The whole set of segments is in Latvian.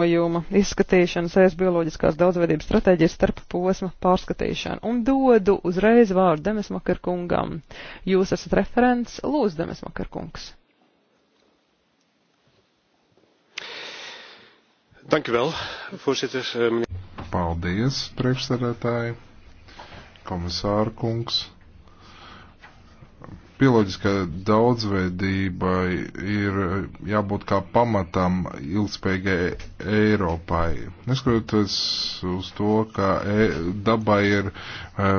ziņojuma izskatīšanu sēs bioloģiskās daudzveidības stratēģijas starp posma pārskatīšanu. Un dodu uzreiz vārdu Demesmakar kungam. Jūs esat referents, lūdzu, Demesmakar kungs. Dankjewel, voorzitter. Eh, Paldies, priekšsēdētāji, komisāra kungs, bioloģiskā daudzveidība ir jābūt kā pamatam ilgspējīgai Eiropai. Neskatoties uz to, ka e dabai ir e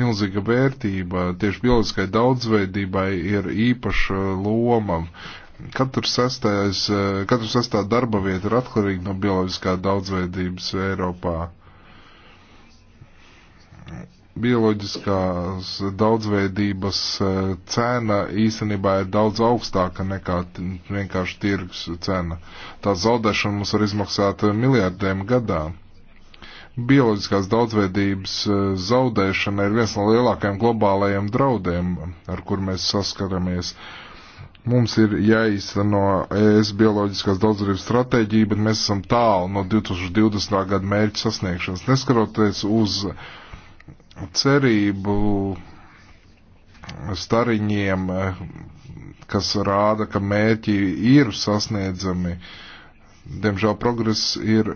milzīga vērtība, tieši bioloģiskai daudzveidībai ir īpaša loma. Katru sastais, e, katru sastā darba vieta ir atkarīga no bioloģiskā daudzveidības Eiropā bioloģiskās daudzveidības e, cena īstenībā ir daudz augstāka nekā vienkārši tirgus cena. Tā zaudēšana mums var izmaksāt miljardiem gadā. Bioloģiskās daudzveidības e, zaudēšana ir viens no lielākajiem globālajiem draudiem, ar kur mēs saskaramies. Mums ir jāīsteno ES bioloģiskās daudzveidības stratēģija, bet mēs esam tālu no 2020. gada mērķa sasniegšanas. Neskaroties uz uh, cerību stariņiem, kas rāda, ka mērķi ir sasniedzami. Diemžēl progress ir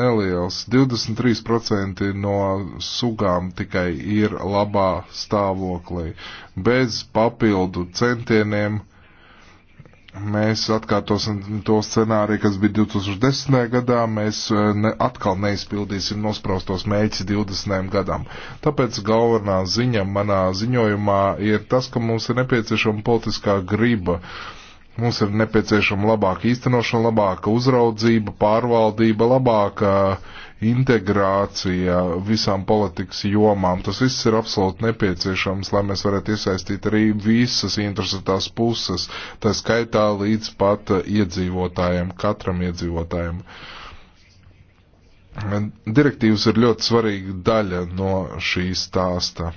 neliels. 23% no sugām tikai ir labā stāvoklī. Bez papildu centieniem mēs atkārtosim to scenāriju, kas bija 2010. gadā, mēs e, ne, atkal neizpildīsim nospraustos mērķus 20. gadam. Tāpēc galvenā ziņa manā ziņojumā ir tas, ka mums ir nepieciešama politiskā griba. Uh, Mums ir nepieciešama labāka īstenošana, labāka uzraudzība, pārvaldība, labāka integrācija visām politikas jomām. Tas viss ir absolūti nepieciešams, lai mēs varētu iesaistīt arī visas interesētās puses, tā skaitā līdz pat iedzīvotājiem, katram iedzīvotājiem. Direktīvas ir ļoti svarīga daļa no šī stāsta.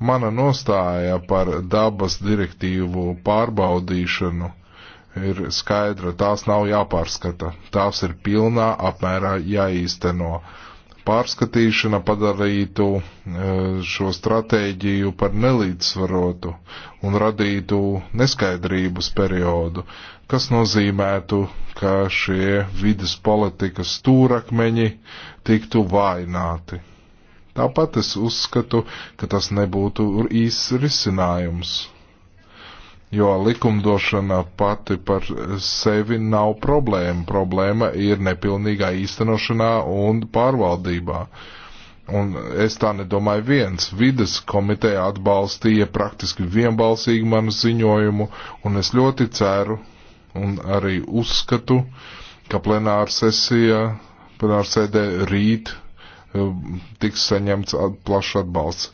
Mana nostāja par dabas direktīvu pārbaudīšanu ir skaidra. Tās nav jāpārskata. Tās ir pilnā apmērā jāīsteno. Pārskatīšana padarītu e, šo stratēģiju par nelīdzsvarotu un radītu neskaidrības periodu, kas nozīmētu, ka šie vidas politikas stūrakmeņi tiktu vaināti. Tāpat es uzskatu, ka tas nebūtu īsts risinājums, jo likumdošana pati par sevi nav problēma. Problēma ir nepilnīgā īstenošanā un pārvaldībā. Un es tā nedomāju viens. Vides komiteja atbalstīja praktiski vienbalsīgi manu ziņojumu, un es ļoti ceru un arī uzskatu, ka plenāra sesija, plenāra sēdē rīt Um, tiks saņemts plašs atbalsts.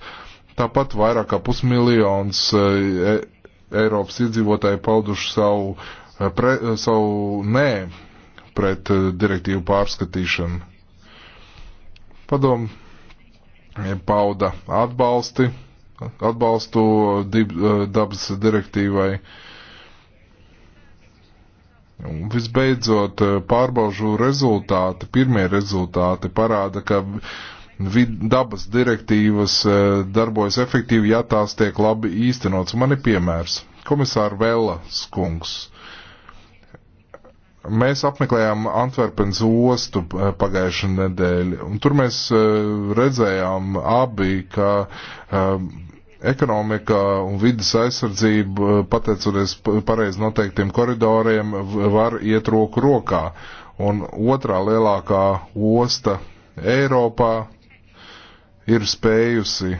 Tāpat vairāk kā pusmiljons uh, e, Eiropas iedzīvotāji pauduši savu, uh, pre, uh, savu nē pret direktīvu pārskatīšanu. Padom e, pauda atbalsti, atbalstu dib, dabas direktīvai. Uh, Un visbeidzot, eh, pārbaužu rezultāti, pirmie rezultāti parāda, ka vid, dabas direktīvas eh, darbojas efektīvi, ja tās tiek labi īstenots. Man ir piemērs. Komisāra Vela skungs. Mēs apmeklējām Antverpens ostu eh, pagājušajā nedēļā, un tur mēs redzējām abi, ka ekonomika un vidas aizsardzība, eh, pateicoties pareizi noteiktiem koridoriem, var iet roku rokā. Un otrā lielākā osta Eiropā ir spējusi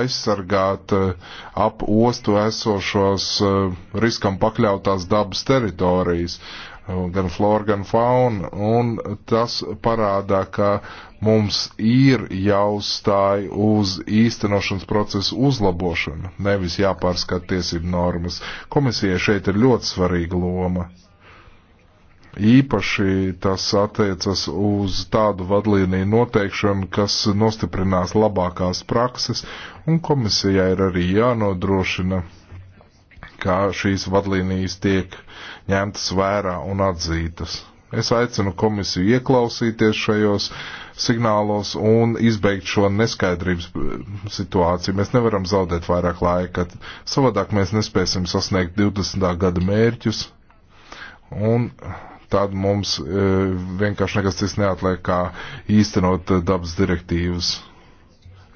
aizsargāt eh, ap ostu esošos eh, riskam pakļautās dabas teritorijas gan flora, gan fauna, un tas parādā, ka mums ir jāuzstāj uz īstenošanas procesu uzlabošanu, nevis jāpārskat tiesību normas. Komisijai šeit ir ļoti svarīga loma. Īpaši tas attiecas uz tādu vadlīniju noteikšanu, kas nostiprinās labākās prakses, un komisijai ir arī jānodrošina kā šīs vadlīnijas tiek ņemtas vērā un atzītas. Es aicinu komisiju ieklausīties šajos signālos un izbeigt šo neskaidrības eh, situāciju. Mēs nevaram zaudēt vairāk laika, savādāk mēs nespēsim sasniegt 20. gada mērķus, un tad mums e, vienkārši nekas cits neatliek, kā īstenot eh, dabas direktīvas.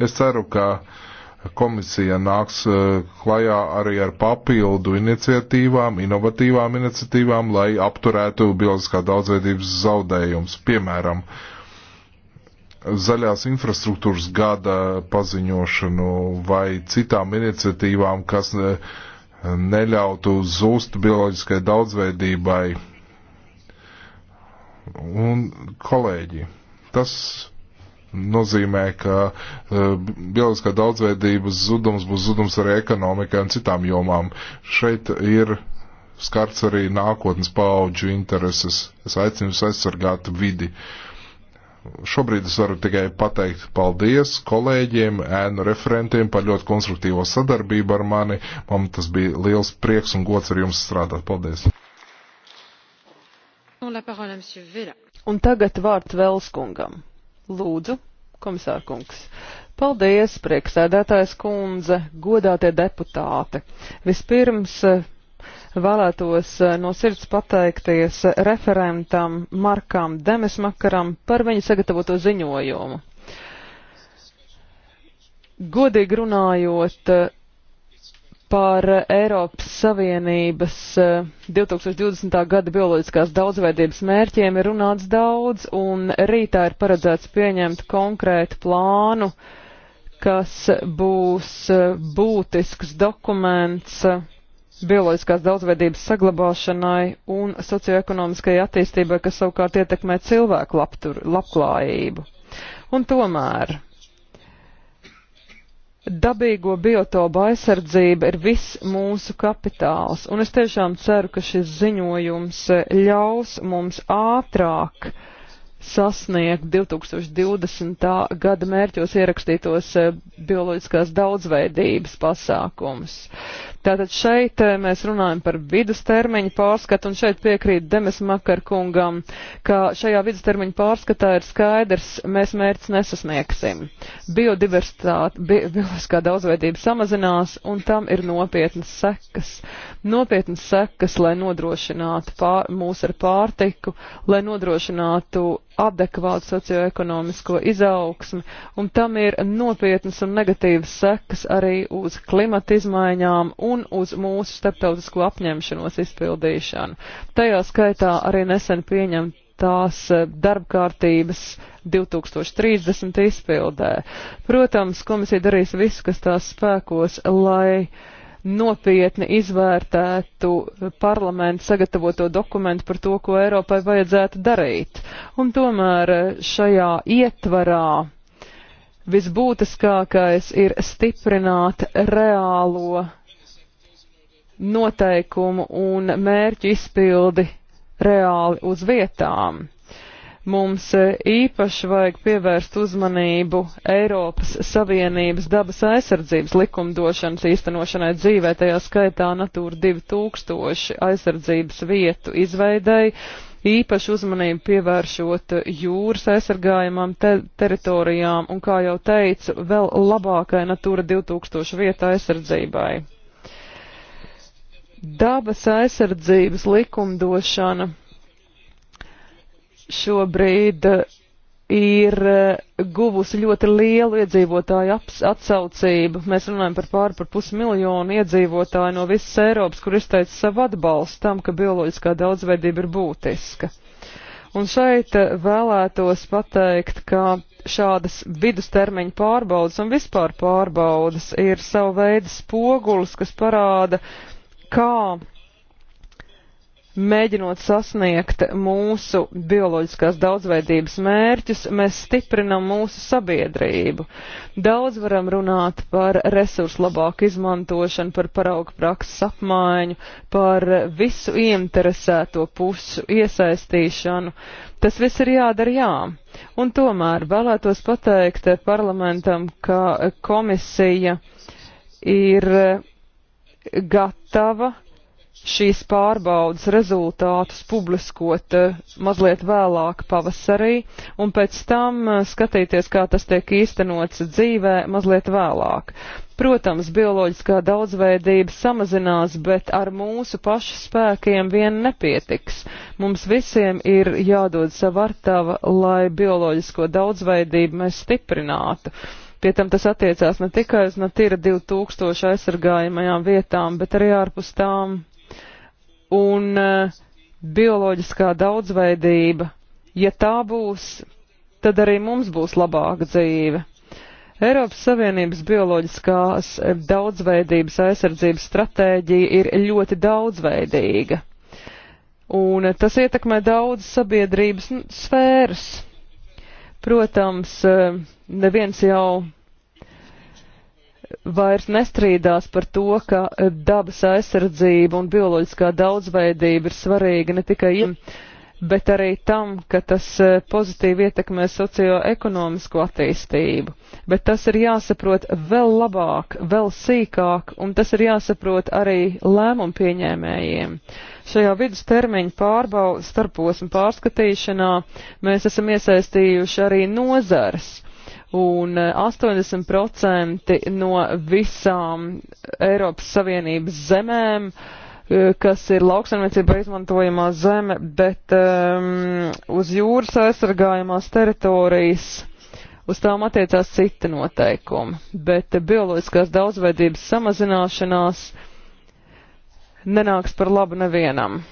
Es ceru, ka komisija nāks e, klajā arī ar papildu iniciatīvām, inovatīvām iniciatīvām, lai apturētu bioloģiskā daudzveidības zaudējums. Piemēram, zaļās infrastruktūras gada paziņošanu vai citām iniciatīvām, kas e, neļautu zūst bioloģiskai daudzveidībai. Un kolēģi, tas nozīmē, ka eh, bioloģiskā daudzveidības zudums būs zudums arī ekonomikai un citām jomām. Šeit ir skarts arī nākotnes paauģu intereses. Es aicinu jūs aizsargāt vidi. Šobrīd es varu tikai pateikt paldies kolēģiem, ēnu referentiem par ļoti konstruktīvo sadarbību ar mani. Man tas bija liels prieks un gods ar jums strādāt. Paldies! Un tagad vārds Velskungam. Lūdzu, komisārkungs. Paldies, prieksēdētājs kundze, godātie deputāti. Vispirms eh, vēlētos eh, no sirds pateikties referentam Markam Demismakaram par viņu sagatavoto ziņojumu. Godīgi runājot, eh, par Eiropas Savienības 2020. Eh, gada bioloģiskās daudzveidības mērķiem ir runāts daudz, un rītā ir paredzēts pieņemt konkrētu plānu, kas būs eh, būtisks dokuments eh, bioloģiskās daudzveidības saglabāšanai un socioekonomiskai attīstībai, kas savukārt ietekmē cilvēku labtur, labklājību. Un tomēr Dabīgo biotopu aizsardzība ir viss mūsu kapitāls, un es tiešām ceru, ka šis ziņojums ļaus mums ātrāk sasniegt 2020. gada mērķos ierakstītos bioloģiskās daudzveidības pasākumus. Tātad šeit eh, mēs runājam par vidustermiņu pārskatu, un šeit piekrīt Demes Makarkungam, ka šajā vidustermiņu pārskatā ir skaidrs, mēs mērķis nesasniegsim. Biodiversitāte, bi bioloģiskā daudzveidība samazinās, un tam ir nopietnas sekas. Nopietnas sekas, lai nodrošinātu pār, mūs ar pārtiku, lai nodrošinātu adekvātu socioekonomisko izaugsmi, un tam ir nopietnas un negatīvas sekas arī uz klimata izmaiņām un uz mūsu starptautisko apņemšanos izpildīšanu. Tajā skaitā arī nesen pieņemt tās eh, darbkārtības 2030 izpildē. Protams, komisija darīs visu, kas tās spēkos, lai uh, nopietni izvērtētu parlamentu sagatavoto dokumentu par to, ko Eiropai vajadzētu darīt. Un tomēr šajā ietvarā visbūtiskākais ir stiprināt reālo noteikumu un mērķu izpildi reāli uz vietām. Mums e, īpaši vajag pievērst uzmanību Eiropas Savienības dabas aizsardzības likumdošanas īstenošanai dzīvē, tajā skaitā Natūra 2000 aizsardzības vietu izveidēji, īpaši uzmanību pievēršot jūras aizsargājumam te teritorijām un, kā jau teicu, vēl labākai Natūra 2000 vieta aizsardzībai. Dabas aizsardzības likumdošana šobrīd eh, ir eh, guvusi ļoti lielu iedzīvotāju atsaucību. Mēs runājam par pāri par pusmiljonu iedzīvotāju no visas Eiropas, kur izteica savu atbalstu tam, ka bioloģiskā daudzveidība ir būtiska. Un šeit eh, vēlētos pateikt, ka šādas vidustermiņa pārbaudas un vispār pārbaudas ir savu veidu spogulis, kas parāda, kā mēģinot sasniegt mūsu bioloģiskās daudzveidības mērķus, mēs stiprinam mūsu sabiedrību. Daudz varam runāt par resursu labāku izmantošanu, par parauga prakses apmaiņu, par visu ieinteresēto pušu iesaistīšanu. Tas viss ir jādara jā. Un tomēr vēlētos pateikt parlamentam, ka komisija ir gatava šīs pārbaudas rezultātus publiskot eh, mazliet vēlāk pavasarī un pēc tam eh, skatīties, kā tas tiek īstenots dzīvē mazliet vēlāk. Protams, bioloģiskā daudzveidība samazinās, bet ar mūsu pašu spēkiem vien nepietiks. Mums visiem ir jādod savartava, lai bioloģisko daudzveidību mēs stiprinātu. Pie tam tas attiecās ne tikai uz Natīra 2000 aizsargājumajām vietām, bet arī ārpus tām un eh, bioloģiskā daudzveidība. Ja tā būs, tad arī mums būs labāka dzīve. Eiropas Savienības bioloģiskās eh, daudzveidības aizsardzības stratēģija ir ļoti daudzveidīga, un eh, tas ietekmē daudz sabiedrības sfēras. Protams, neviens jau vairs nestrīdās par to, ka eh, dabas aizsardzība un bioloģiskā daudzveidība ir svarīga ne tikai jiem, bet arī tam, ka tas eh, pozitīvi ietekmē socioekonomisko attīstību. Bet tas ir jāsaprot vēl labāk, vēl sīkāk, un tas ir jāsaprot arī lēmumu pieņēmējiem. Šajā vidustermiņa pārbaudas starposmu pārskatīšanā mēs esam iesaistījuši arī nozars un 80% eh, no visām Eiropas Savienības zemēm eh, kas ir lauksaimniecība izmantojamā zeme, bet um, uz jūras aizsargājamās teritorijas uz tām attiecās citi noteikumi. Bet bioloģiskās daudzveidības samazināšanās nenāks par labu nevienam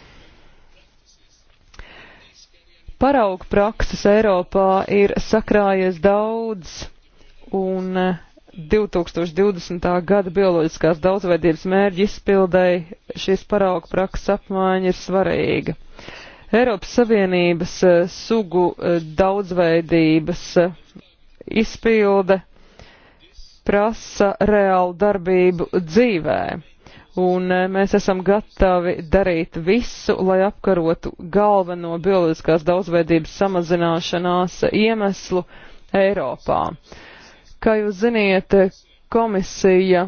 paraugu prakses Eiropā ir sakrājies daudz, un 2020. Eh, gada bioloģiskās daudzveidības mērķi izpildēji šīs paraugu prakses apmaiņa ir svarīga. Eiropas Savienības eh, sugu eh, daudzveidības izpilde prasa reālu darbību dzīvē un eh, mēs esam gatavi darīt visu, lai apkarotu galveno bioloģiskās daudzveidības samazināšanās iemeslu Eiropā. Kā jūs ziniet, komisija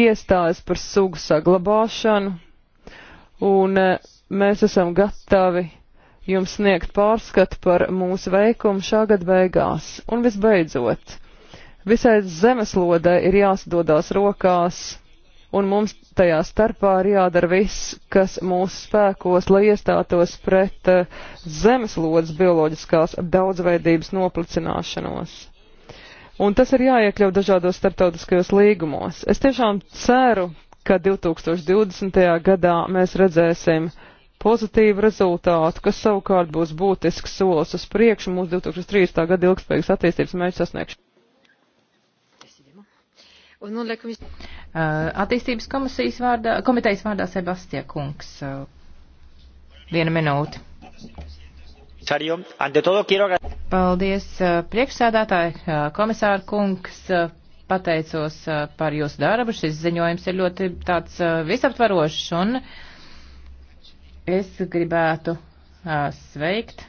iestājas par sugu saglabāšanu, un eh, mēs esam gatavi jums sniegt pārskatu par mūsu veikumu šā gada beigās. Un visbeidzot, visai zemeslodē ir jāsadodās rokās un mums tajā starpā ir jādara viss, kas mūsu spēkos, lai iestātos pret eh, zemeslodes bioloģiskās daudzveidības noplicināšanos. Un tas ir jāiekļaut dažādos starptautiskajos līgumos. Es tiešām ceru, ka 2020. gadā mēs redzēsim pozitīvu rezultātu, kas savukārt būs būtisks solis uz priekšu mūsu 2030. gada ilgspējīgas attīstības mērķu sasniegšanu. Eh, attīstības komisijas vārdā, komitejas vārdā Sebastija Kungs. Eh, viena minūte. Paldies, eh, priekšsēdētāji, komisāra kungs, pateicos par jūsu darbu. Šis ziņojums ir ļoti tāds visaptvarošs un es gribētu sveikt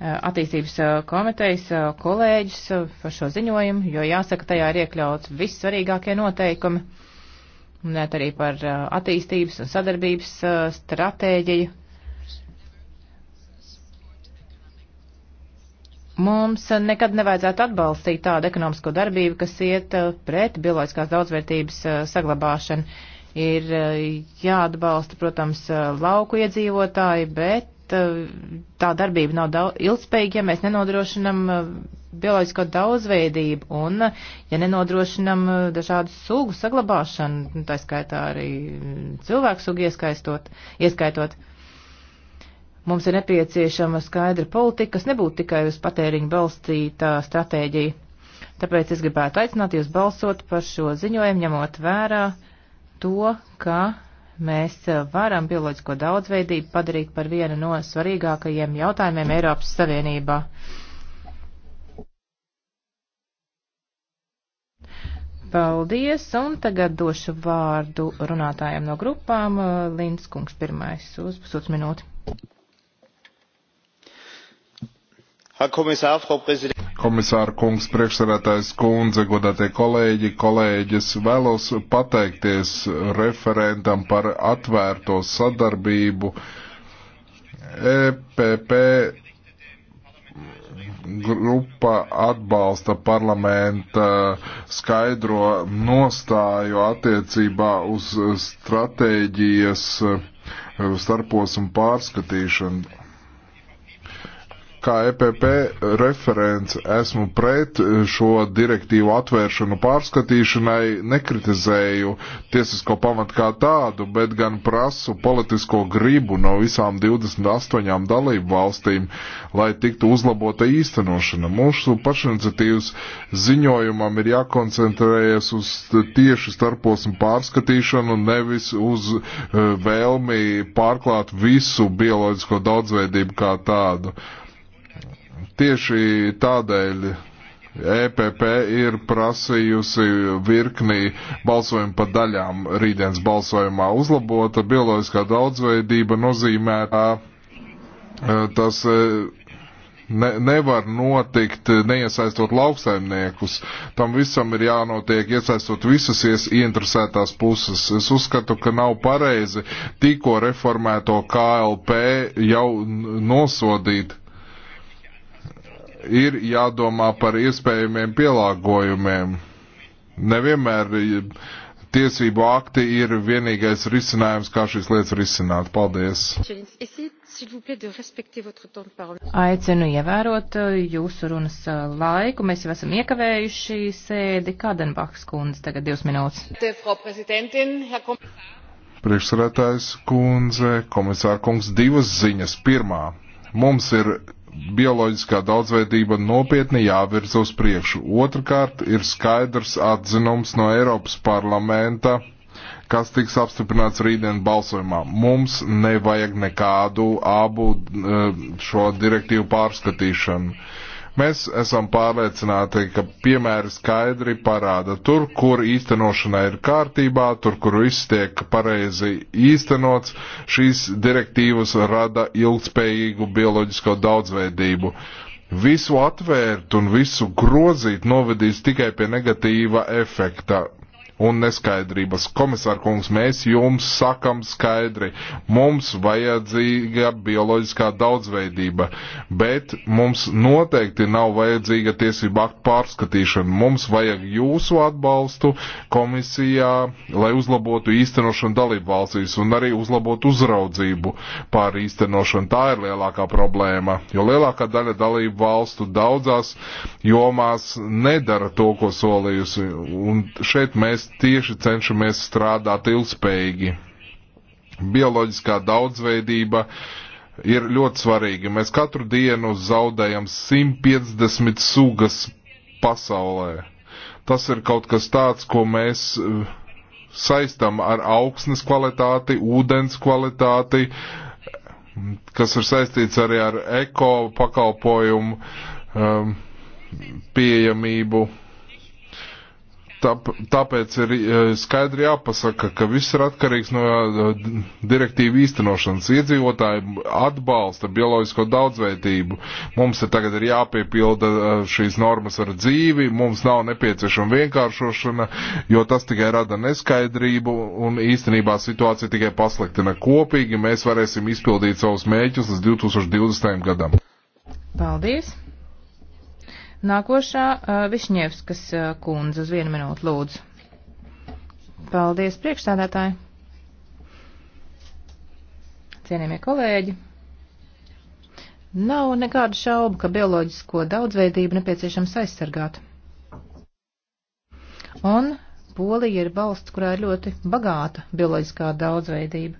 attīstības komitejas kolēģus par šo ziņojumu, jo jāsaka, tajā ir iekļauts vissvarīgākie noteikumi, minēt arī par attīstības un sadarbības stratēģiju. Mums nekad nevajadzētu atbalstīt tādu ekonomisko darbību, kas iet pret bioloģiskās daudzvērtības saglabāšanu. Ir jāatbalsta, protams, lauku iedzīvotāji, bet Eh, tā darbība nav daudz, ilgspējīga, ja mēs nenodrošinam eh, bioloģisko daudzveidību un eh, ja nenodrošinam dažādu sugu saglabāšanu, nu, tā skaitā arī mm, cilvēku sugu ieskaistot, ieskaitot. Mums ir nepieciešama skaidra politika, kas nebūtu tikai uz patēriņu balstītā stratēģija. Tāpēc es gribētu aicināt jūs balsot par šo ziņojumu, ņemot vērā to, ka mēs e, varam bioloģisko daudzveidību padarīt par vienu no svarīgākajiem jautājumiem Eiropas Savienībā. Paldies, un tagad došu vārdu runātājiem no grupām. E, Linds Kungs pirmais uz pusotru minūti. Herr Kommissar, Frau Präsidentin komisāra kungs, priekšsarētājs kundze, godātie kolēģi, kolēģis, vēlos pateikties referentam par atvērto sadarbību. EPP grupa atbalsta parlamenta skaidro nostāju attiecībā uz stratēģijas starposmu pārskatīšanu kā EPP referents esmu pret šo direktīvu atvēršanu pārskatīšanai, nekritizēju tiesisko pamatu kā tādu, bet gan prasu politisko gribu no visām 28 dalību valstīm, lai tiktu uzlabota īstenošana. Mūsu pašiniciatīvas ziņojumam ir jākoncentrējas uz tieši starposmu pārskatīšanu, nevis uz eh, vēlmi pārklāt visu bioloģisko daudzveidību kā tādu. Tieši tādēļ EPP ir prasījusi virknī balsojumu pa daļām rītdienas balsojumā. Uzlabota bioloģiskā daudzveidība nozīmē, ka e, tas e, ne, nevar notikt neiesaistot lauksaimniekus. Tam visam ir jānotiek iesaistot visas ieinteresētās puses. Es uzskatu, ka nav pareizi tikko reformēto KLP jau nosodīt ir jādomā par iespējamiem pielāgojumiem. Nevienmēr tiesību akti ir vienīgais risinājums, kā šīs lietas risināt. Paldies! Aicinu ievērot uh, jūsu runas uh, laiku. Mēs jau esam iekavējuši sēdi. Kādenbachs kundze tagad divas minūtes. Priekšsarētājs kundze, komisāra kungs, divas ziņas. Pirmā, mums ir bioloģiskā daudzveidība nopietni jāvirza uz priekšu. Otrakārt ir skaidrs atzinums no Eiropas parlamenta, kas tiks apstiprināts rītdien balsojumā. Mums nevajag nekādu abu eh, šo direktīvu pārskatīšanu Mēs esam pārliecināti, ka piemēri skaidri parāda tur, kur īstenošana ir kārtībā, tur, kur viss tiek pareizi īstenots, šīs direktīvas rada ilgspējīgu bioloģisko daudzveidību. Visu atvērt un visu grozīt novedīs tikai pie negatīva efekta un neskaidrības. Komisār kungs, mēs jums sakam skaidri, mums vajadzīga bioloģiskā daudzveidība, bet mums noteikti nav vajadzīga tiesība aktu pārskatīšana. Mums vajag jūsu atbalstu komisijā, lai uzlabotu īstenošanu dalību valstīs un arī uzlabotu uzraudzību pār īstenošanu. Tā ir lielākā problēma, jo lielākā daļa dalību valstu daudzās jomās nedara to, ko solījusi. Un šeit mēs mēs tieši cenšamies strādāt ilgspējīgi. Bioloģiskā daudzveidība ir ļoti svarīga. Mēs katru dienu zaudējam 150 sugas pasaulē. Tas ir kaut kas tāds, ko mēs eh, saistam ar augsnes kvalitāti, ūdens kvalitāti, kas ir saistīts arī ar eko pakalpojumu um, eh, pieejamību Tāpēc ir e, skaidri jāpasaka, ka viss ir atkarīgs no e, direktīvu īstenošanas. Iedzīvotāji atbalsta bioloģisko daudzveidību. Mums ir tagad ir jāpiepilda e, šīs normas ar dzīvi, mums nav nepieciešama vienkāršošana, jo tas tikai rada neskaidrību un īstenībā situācija tikai pasliktina. Kopīgi mēs varēsim izpildīt savus mēķus līdz 2020. gadam. Paldies! Nākošā uh, Višņevskas uh, kundze uz vienu minūtu lūdzu. Paldies, priekšsēdētāji. Cienījamie kolēģi. Nav nekādu šaubu, ka bioloģisko daudzveidību nepieciešams aizsargāt. Un Polija ir valsts, kurā ir ļoti bagāta bioloģiskā daudzveidība.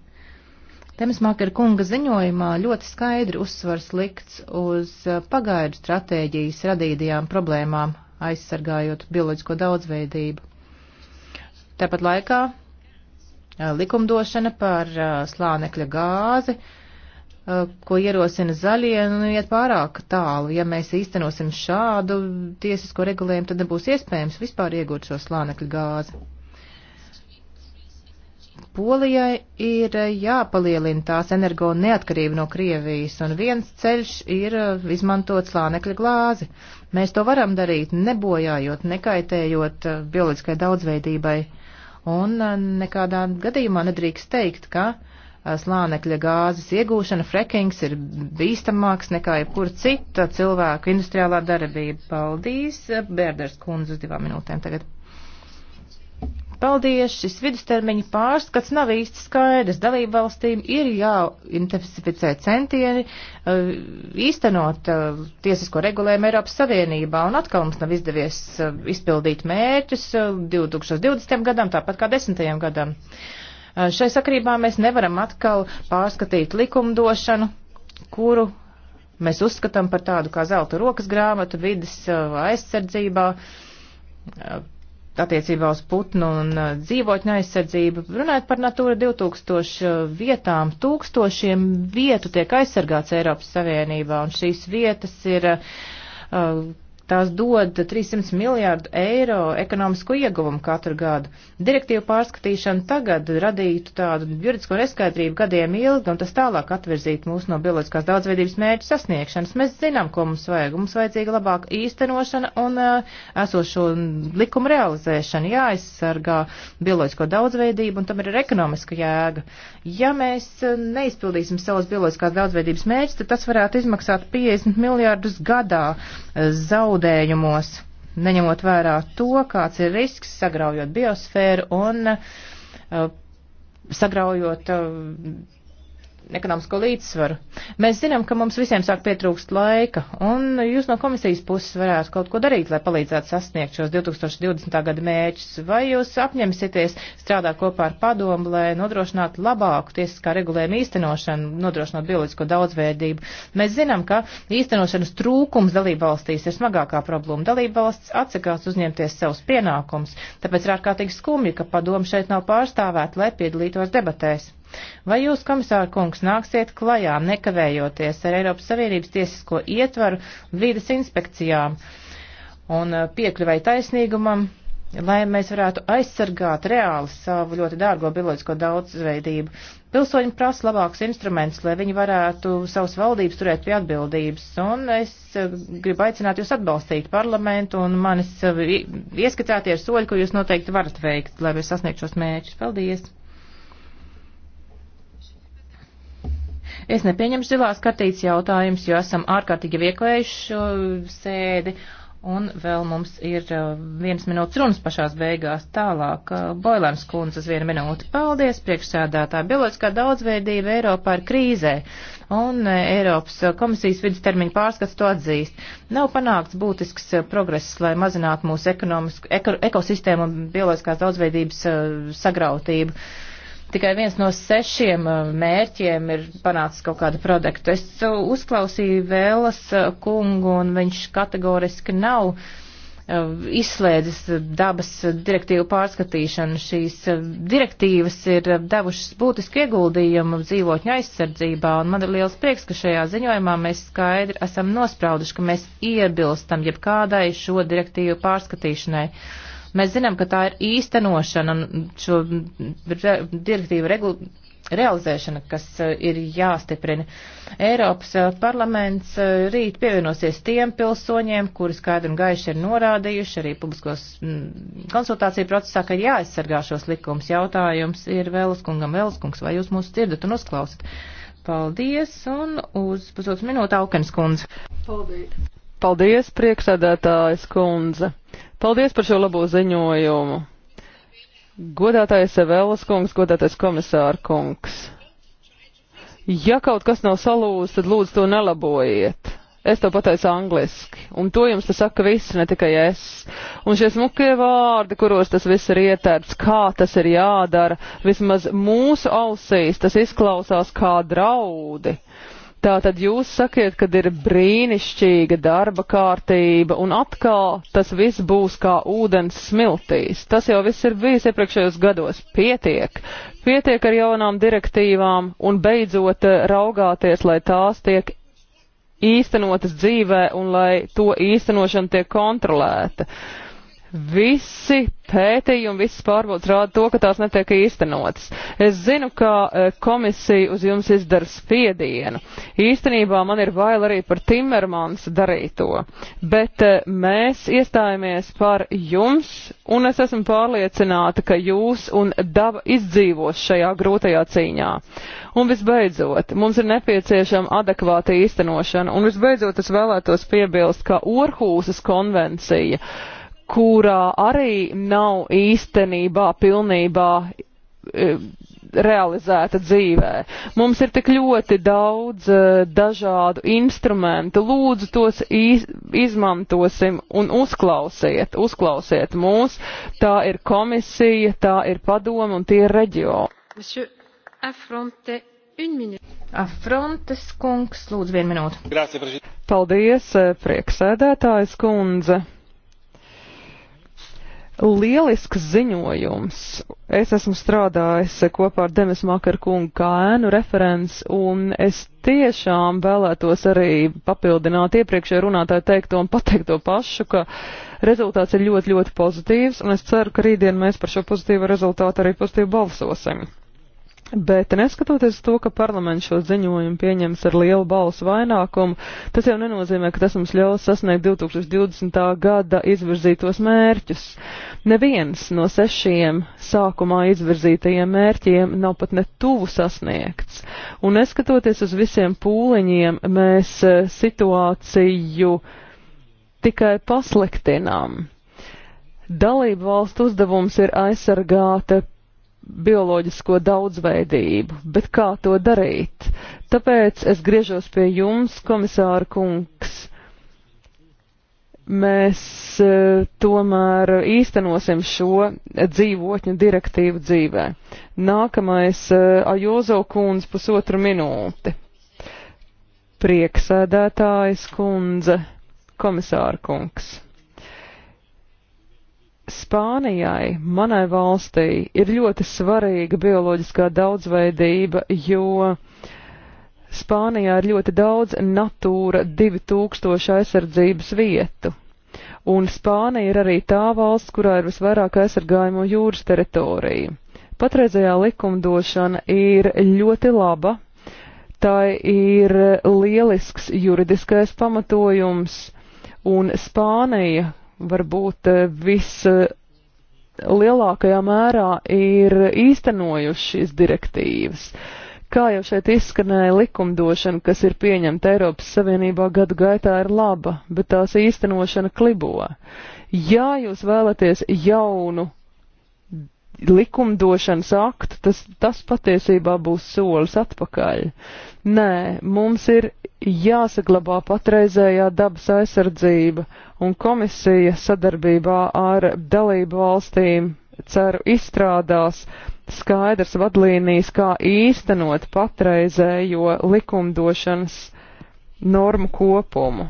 Temesmākera kunga ziņojumā ļoti skaidri uzsvars likts uz eh, pagaidu stratēģijas radītajām problēmām, aizsargājot bioloģisko daudzveidību. Tāpat laikā eh, likumdošana par eh, slānekļa gāzi, ko ierosina zaļie, nu iet pārāk tālu. Ja mēs īstenosim šādu tiesisko regulējumu, tad nebūs iespējams vispār iegūt šo slānekļa gāzi. Polijai ir eh, jāpalielina tās energo neatkarība no Krievijas, un viens ceļš ir eh, izmantot slānekļa glāzi. Mēs to varam darīt, nebojājot, nekaitējot eh, bioloģiskai daudzveidībai, un nekādā gadījumā nedrīkst teikt, ka slānekļa gāzes iegūšana, frekings ir bīstamāks nekā jebkur cita cilvēku industriālā darbība. Paldies, Bērders kundze, uz divām minūtēm tagad. Paldies, šis vidustermiņa pārskats nav īsti skaidrs. Dalību valstīm ir jāintensificē centieni eh, īstenot eh, tiesisko regulējumu Eiropas Savienībā, un atkal mums nav izdevies eh, izpildīt mērķus 2020. gadam, tāpat kā 10. gadam. Šai sakrībā mēs nevaram atkal pārskatīt likumdošanu, kuru mēs uzskatām par tādu kā zelta rokas grāmatu vidas aizsardzībā attiecībā uz putnu un uh, dzīvotņu aizsardzību. Runājot par Natūra 2000 uh, vietām, tūkstošiem vietu tiek aizsargāts Eiropas Savienībā, un šīs vietas ir uh, Tās dod 300 miljārdu eiro ekonomisko ieguvumu katru gadu. Direktīvu pārskatīšana tagad radītu tādu juridisko neskaidrību gadiem ilgi, un tas tālāk atvirzītu mūs no bioloģiskās daudzveidības mērķu sasniegšanas. Mēs zinām, ko mums vajag. Mums vajadzīga labāka īstenošana un uh, esošo likumu realizēšana. Jāaizsargā bioloģisko daudzveidību, un tam ir ekonomiska jēga. Ja mēs eh, neizpildīsim savus bioloģiskās daudzveidības mērķus, tad tas varētu izmaksāt 50 miljārdus gadā eh, zaudējumu zaudējumos, neņemot vērā to, kāds ir risks sagraujot biosfēru un uh, sagraujot uh, ekonomisko līdzsvaru. Mēs zinām, ka mums visiem sāk pietrūkst laika, un jūs no komisijas puses varētu kaut ko darīt, lai palīdzētu sasniegt šos 2020. gada mērķus. Vai jūs apņemsieties strādāt kopā ar padomu, lai nodrošinātu labāku tiesiskā regulējuma īstenošanu, nodrošinot bioloģisko daudzveidību? Mēs zinām, ka īstenošanas trūkums dalību valstīs ir smagākā problēma. Dalību valsts atsakās uzņemties savus pienākumus, tāpēc ir ārkārtīgi skumji, ka padomu šeit nav pārstāvēta, lai piedalītos debatēs. Vai jūs, komisāra kungs, nāksiet klajā, nekavējoties ar Eiropas Savienības tiesisko ietvaru vīdas inspekcijām un eh, piekļuvai taisnīgumam, lai mēs varētu aizsargāt reāli savu ļoti dārgo bioloģisko daudzveidību? Pilsoņi prasa labāks instruments, lai viņi varētu savas valdības turēt pie atbildības, un es eh, gribu aicināt jūs atbalstīt parlamentu un manis eh, ieskatēties soļi, ko jūs noteikti varat veikt, lai mēs sasniegtu šos mērķus. Paldies! Es nepieņemšu zilās kartītes jautājumus, jo esam ārkārtīgi viekojuši šo sēdi. Un vēl mums ir uh, viens minūtes runas pašās beigās tālāk. Uh, Boilēns kundzes viena minūte. Paldies, priekšsēdētā. Bioloģiskā daudzveidība Eiropā ir krīzē. Un uh, Eiropas komisijas vidustermiņa pārskats to atzīst. Nav panākts būtisks progress, lai mazinātu mūsu eko, ekosistēmu un bioloģiskās daudzveidības sagrautību. Uh, tikai viens no sešiem uh, mērķiem ir panācis kaut kādu produktu. Es uh, uzklausīju Vēlas uh, kungu un viņš kategoriski nav izslēdzis dabas direktīvu pārskatīšanu. Šīs direktīvas ir devušas būtisku ieguldījumu dzīvotņu aizsardzībā, un man ir liels prieks, ka šajā ziņojumā mēs skaidri esam nosprauduši, ka mēs iebilstam jebkādai šo direktīvu pārskatīšanai. Uh, Mēs zinām, ka tā ir īstenošana un šo re, direktīvu regulu realizēšana, kas uh, ir jāstiprina. Eiropas uh, parlaments uh, rīt pievienosies tiem pilsoņiem, kuri skaidri un gaiši ir norādījuši arī publiskos mm, konsultāciju procesā, ka ir jāaizsargā šos likums. Jautājums ir Vēliskungam, Vēliskungs, vai jūs mūs dzirdat un uzklausat? Paldies un uz pusotru minūtu Aukens kundze. Paldies. Paldies, priekšsēdētājas kundze. Paldies par šo labo ziņojumu. Godātais Evēlas kungs, godātais komisāra kungs. Ja kaut kas nav salūzis, tad lūdzu to nelabojiet. Es to pateicu angliski, un to jums tas saka viss, ne tikai es. Un šie smukie vārdi, kuros tas viss ir ietērts, kā tas ir jādara, vismaz mūsu ausīs tas izklausās kā draudi. Tātad jūs sakiet, kad ir brīnišķīga darba kārtība, un atkal tas viss būs kā ūdens smiltīs. Tas jau viss ir bijis iepriekšējos gados. Pietiek. Pietiek ar jaunām direktīvām, un beidzot eh, raugāties, lai tās tiek īstenotas dzīvē, un lai to īstenošana tiek kontrolēta. Uh, Visi pētījumi, visas pārbaudas rāda to, ka tās netiek īstenotas. Es zinu, ka e, komisija uz jums izdara spiedienu. Īstenībā man ir bail arī par Timermans darīto, bet e, mēs iestājāmies par jums, un es esmu pārliecināta, ka jūs un daba izdzīvos šajā grūtajā cīņā. Un visbeidzot, mums ir nepieciešama adekvāta īstenošana, un visbeidzot es vēlētos piebilst, ka Orhūsas konvencija kurā arī nav īstenībā pilnībā e, realizēta dzīvē. Mums ir tik ļoti daudz e, dažādu instrumentu, lūdzu tos izmantosim un uzklausiet, uzklausiet mūs. Tā ir komisija, tā ir padoma un tie ir reģioni. Afronte, Afrontes kungs, lūdzu vienu minūtu. Paldies, e, prieksēdētājs kundze lielisks ziņojums. Es esmu strādājis kopā ar Demis Makaru kungu kā ēnu referents, un es tiešām vēlētos arī papildināt iepriekšēju runātāju teikto un pateikt to pašu, ka rezultāts ir ļoti, ļoti pozitīvs, un es ceru, ka rītdien mēs par šo pozitīvu rezultātu arī pozitīvi balsosim. Bet neskatoties to, ka parlaments šo ziņojumu pieņems ar lielu balsu vainākumu, tas jau nenozīmē, ka tas mums ļaus sasniegt 2020. gada izvirzītos mērķus. Neviens no sešiem sākumā izvirzītajiem mērķiem nav pat ne tuvu sasniegts. Un neskatoties uz visiem pūliņiem, mēs e, situāciju tikai pasliktinām. Dalību valstu uzdevums ir aizsargāt bioloģisko daudzveidību, bet kā to darīt? Tāpēc es griežos pie jums, komisāra kungs. Mēs e, tomēr īstenosim šo dzīvotņu direktīvu dzīvē. Nākamais e, Ajozo kundze pusotru minūti. Prieksēdētājs kundze, komisāra kungs. Spānijai, manai valstī, ir ļoti svarīga bioloģiskā daudzveidība, jo Spānijā ir ļoti daudz Natūra 2000 aizsardzības vietu. Un Spānija ir arī tā valsts, kurā ir visvairāk aizsargājamo jūras teritoriju. Patreizējā likumdošana ir ļoti laba, tai ir lielisks juridiskais pamatojums, un Spānija varbūt eh, vislielākajā mērā ir īstenojuši šīs direktīvas. Kā jau šeit izskanēja, likumdošana, kas ir pieņemta Eiropas Savienībā gadu gaitā, ir laba, bet tās īstenošana klibo. Ja jūs vēlaties jaunu likumdošanas aktu, tas, tas patiesībā būs solis atpakaļ. Nē, mums ir jāsaglabā patreizējā dabas aizsardzība, un komisija sadarbībā ar dalību valstīm, ceru, izstrādās skaidrs vadlīnijas, kā īstenot patreizējo likumdošanas normu kopumu.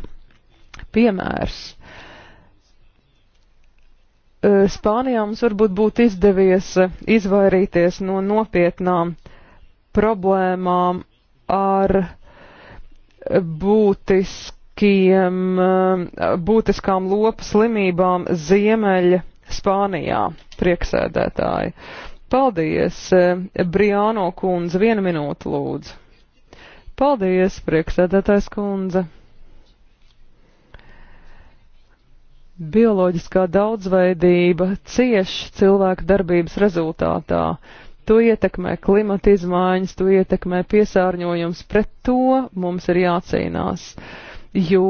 Piemērs. E, Spānijā mums varbūt būtu izdevies izvairīties no nopietnām problēmām ar uh, būtiskiem, eh, būtiskām lopu slimībām Ziemeļa Spānijā, prieksēdētāji. Paldies, eh, Briāno kundze, vienu minūtu lūdzu. Paldies, prieksēdētājs kundze. Bioloģiskā daudzveidība cieš cilvēku darbības rezultātā to ietekmē klimata izmaiņas, to ietekmē piesārņojums, pret to mums ir jācīnās. Jo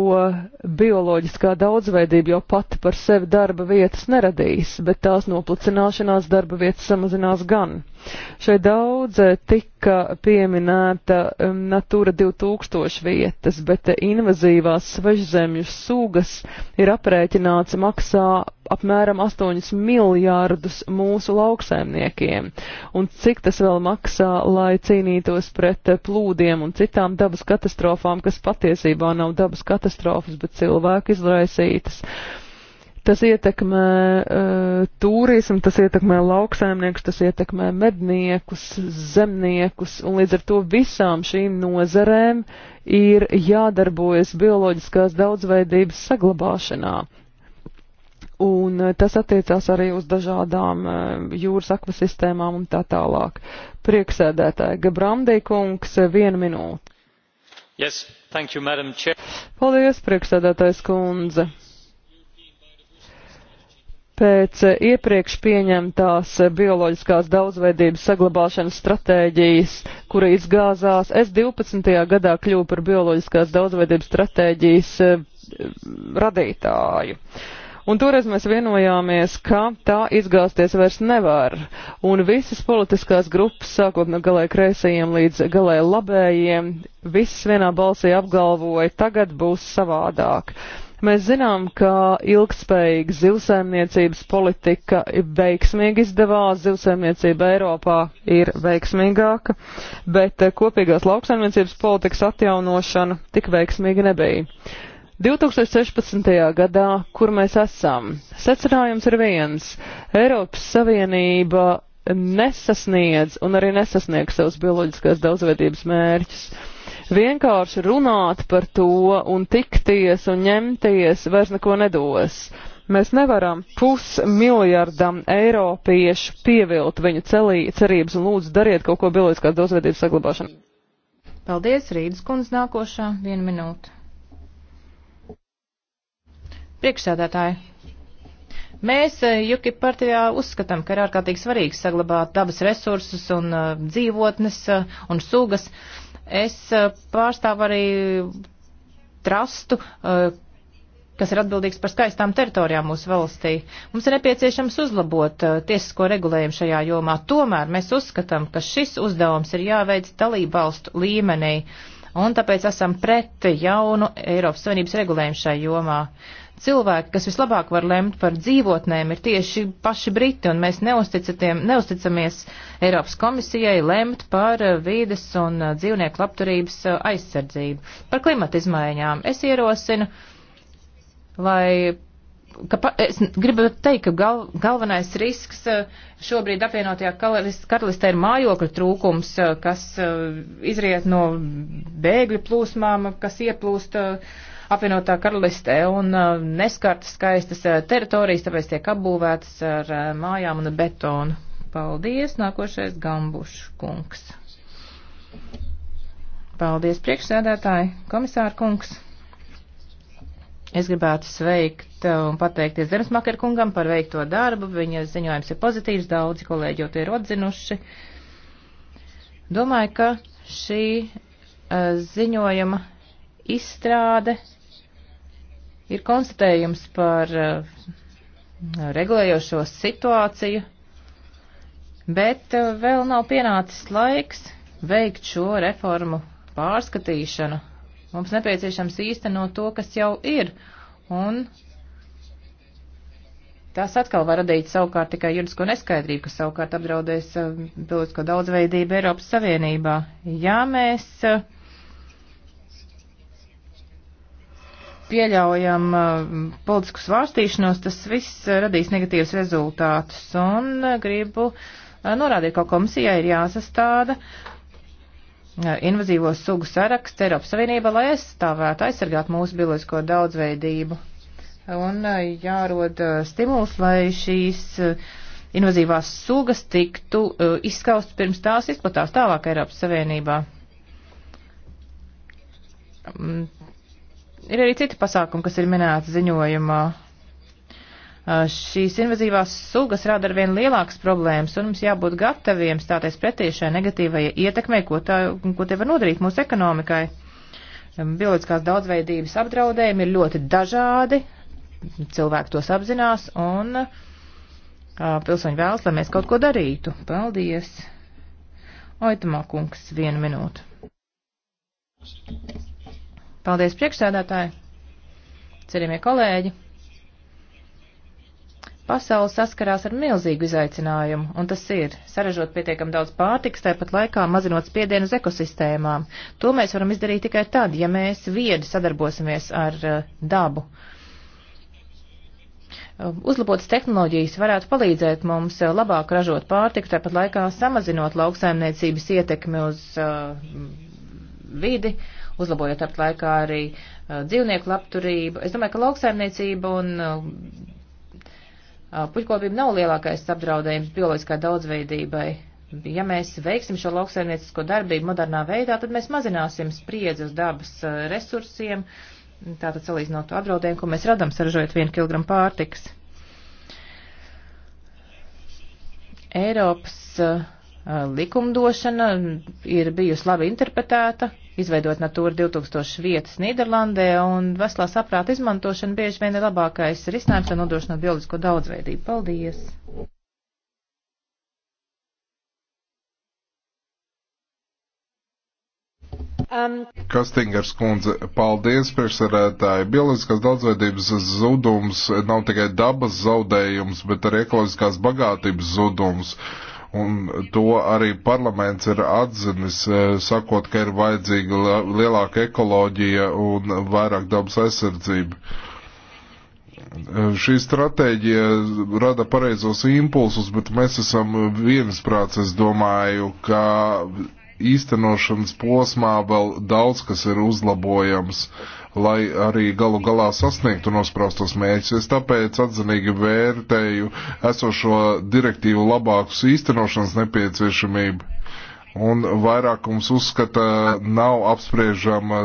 bioloģiskā daudzveidība jau pati par sevi darba vietas neradīs, bet tās noplicināšanās darba vietas samazinās gan. Šeit daudz tik tika pieminēta um, Natura 2000 vietas, bet invazīvās svežzemju sugas ir aprēķināts maksā apmēram 8 miljārdus mūsu lauksaimniekiem. Un cik tas vēl maksā, lai cīnītos pret plūdiem un citām dabas katastrofām, kas patiesībā nav dabas katastrofas, bet cilvēku izraisītas. Uh, Tas ietekmē uh, turismu, tas ietekmē lauksaimniekus, tas ietekmē medniekus, zemniekus, un līdz ar to visām šīm nozarēm ir jādarbojas bioloģiskās daudzveidības saglabāšanā. Un eh, tas attiecās arī uz dažādām uh, jūras akvasistēmām un tā tālāk. Prieksēdētāji Gabrandī kungs, viena minūte. Yes, thank you, Madam Chair. Paldies, prieksēdētājs kundze pēc eh, iepriekš pieņemtās eh, bioloģiskās daudzveidības saglabāšanas stratēģijas, kura izgāzās, es 12. gadā kļuvu par bioloģiskās daudzveidības stratēģijas eh, radītāju. Un toreiz mēs vienojāmies, ka tā izgāzties vairs nevar, un visas politiskās grupas, sākot no galē kreisajiem līdz galē labējiem, visas vienā balsī apgalvoja, tagad būs savādāk. Mēs zinām, ka ilgspējīga zivsaimniecības politika ir veiksmīgi izdevās, zivsaimniecība Eiropā ir veiksmīgāka, bet eh, kopīgās lauksaimniecības politikas atjaunošana tik veiksmīga nebija. 2016. gadā, kur mēs esam, secinājums ir viens - Eiropas Savienība nesasniedz un arī nesasniegs savus bioloģiskās daudzveidības mērķus. Vienkārši runāt par to un tikties un ņemties vairs neko nedos. Mēs nevaram pusmiljardam eiropiešu pievilt viņu celī, cerības un lūdzu dariet kaut ko bioloģiskās daudzveidības saglabāšanai. Paldies, Rīdas kundze nākošā, viena minūte. Priekšsēdētāji, Mēs eh, UKIP partijā uzskatām, ka ir ārkārtīgi svarīgi saglabāt dabas resursus un eh, dzīvotnes eh, un sugas. Uh, Es eh, pārstāvu arī trastu, eh, kas ir atbildīgs par skaistām teritorijām mūsu valstī. Mums ir nepieciešams uzlabot eh, tiesisko regulējumu šajā jomā. Tomēr mēs uzskatām, ka šis uzdevums ir jāveic dalībvalstu līmenī, un tāpēc esam pret jaunu Eiropas Savienības regulējumu šajā jomā. Uh, Cilvēki, kas vislabāk var lemt par dzīvotnēm, ir tieši paši Briti, un mēs neusticamies Eiropas komisijai lemt par eh, vīdes un eh, dzīvnieku labturības eh, aizsardzību. Par klimata izmaiņām es ierosinu, lai ka pa, es gribu teikt, ka gal, galvenais risks šobrīd apvienotajā karalistē ir mājokļu trūkums, kas izriet no bēgļu plūsmām, kas ieplūst uh, apvienotā karalistē un uh, neskartas skaistas uh, teritorijas, tāpēc tiek apbūvētas ar uh, mājām un betonu. Paldies, nākošais Gambušs kungs. Paldies, priekšsēdētāji, komisāra kungs. Es gribētu sveikt un pateikties Zemesmakar kungam par veikto darbu. Viņa ziņojums ir pozitīvs, daudzi kolēģi jau to ir atzinuši. Domāju, ka šī ziņojuma izstrāde ir konstatējums par eh, regulējošo situāciju, bet eh, vēl nav pienācis laiks veikt šo reformu pārskatīšanu. Mums nepieciešams īstenot to, kas jau ir, un tās atkal var radīt savukārt tikai juridisko neskaidrību, kas savukārt apdraudēs bioloģisko eh, daudzveidību Eiropas Savienībā. Ja mēs uh, pieļaujam uh, politisku svārstīšanos, tas viss uh, radīs negatīvus rezultātus. Un uh, gribu norādīt, ka komisijai ir jāsastāda invazīvo sugu saraksts Eiropas Savienība, lai aizstāvētu, aizsargātu mūsu bioloģisko daudzveidību. Un jārod stimuls, lai šīs invazīvās sugas tiktu izskaust pirms tās izplatās tālāk Eiropas Savienībā mm, Ir arī citi pasākumi, kas ir minēti ziņojumā. Uh, šīs invazīvās sugas rada arvien lielākas problēmas, un mums jābūt gataviem stāties pretī šai negatīvajai ietekmei, ko, tā, ko tie var nodarīt mūsu ekonomikai. Um, bioloģiskās daudzveidības apdraudējumi ir ļoti dažādi, cilvēki tos apzinās, un uh, pilsoņi vēlas, lai mēs kaut ko darītu. Paldies! Oitamā kungs, vienu minūtu. Paldies priekšsēdētāji, cerīmie kolēģi. Pasaule saskarās ar milzīgu izaicinājumu, un tas ir saražot pietiekam daudz pārtiks, tāpat laikā mazinot spiedienu uz ekosistēmām. To mēs varam izdarīt tikai tad, ja mēs viedi sadarbosimies ar uh, dabu. Uh, uzlabotas tehnoloģijas varētu palīdzēt mums uh, labāk ražot pārtiku, tāpat laikā samazinot lauksaimniecības ietekmi uz eh, vidi uzlabojot ap laikā arī uh, dzīvnieku labturību. Es domāju, ka lauksaimniecība un uh, puļkopība nav lielākais apdraudējums bioloģiskai daudzveidībai. Ja mēs veiksim šo lauksaimniecisko darbību modernā veidā, tad mēs mazināsim spriedzi uz dabas uh, resursiem, tātad salīdzinot to apdraudējumu, ko mēs radam, saražojot vienu kilogramu pārtikas. Eiropas uh, Uh, likumdošana ir bijusi labi interpretēta, izveidot Natūra 2000 vietas Nīderlandē, un veselā saprāta izmantošana bieži vien ir labākais risinājums, lai nodrošinātu bioloģisko daudzveidību. Paldies! Um. Kastingers kundze, paldies priekšsarētāji. Bioloģiskās daudzveidības zudums nav tikai dabas zaudējums, bet arī ekoloģiskās bagātības zudums. Uh, Un to arī parlaments ir atzinis, e, sakot, ka ir vajadzīga lielāka ekoloģija un vairāk dabas aizsardzība. E, šī stratēģija rada pareizos impulsus, bet mēs esam viensprāts, es domāju, ka īstenošanas posmā vēl daudz kas ir uzlabojams lai arī galu galā sasniegtu nospraustos mērķus. Es tāpēc atzinīgi vērtēju esošo direktīvu labākus īstenošanas nepieciešamību un vairākums uzskata, nav apspriežama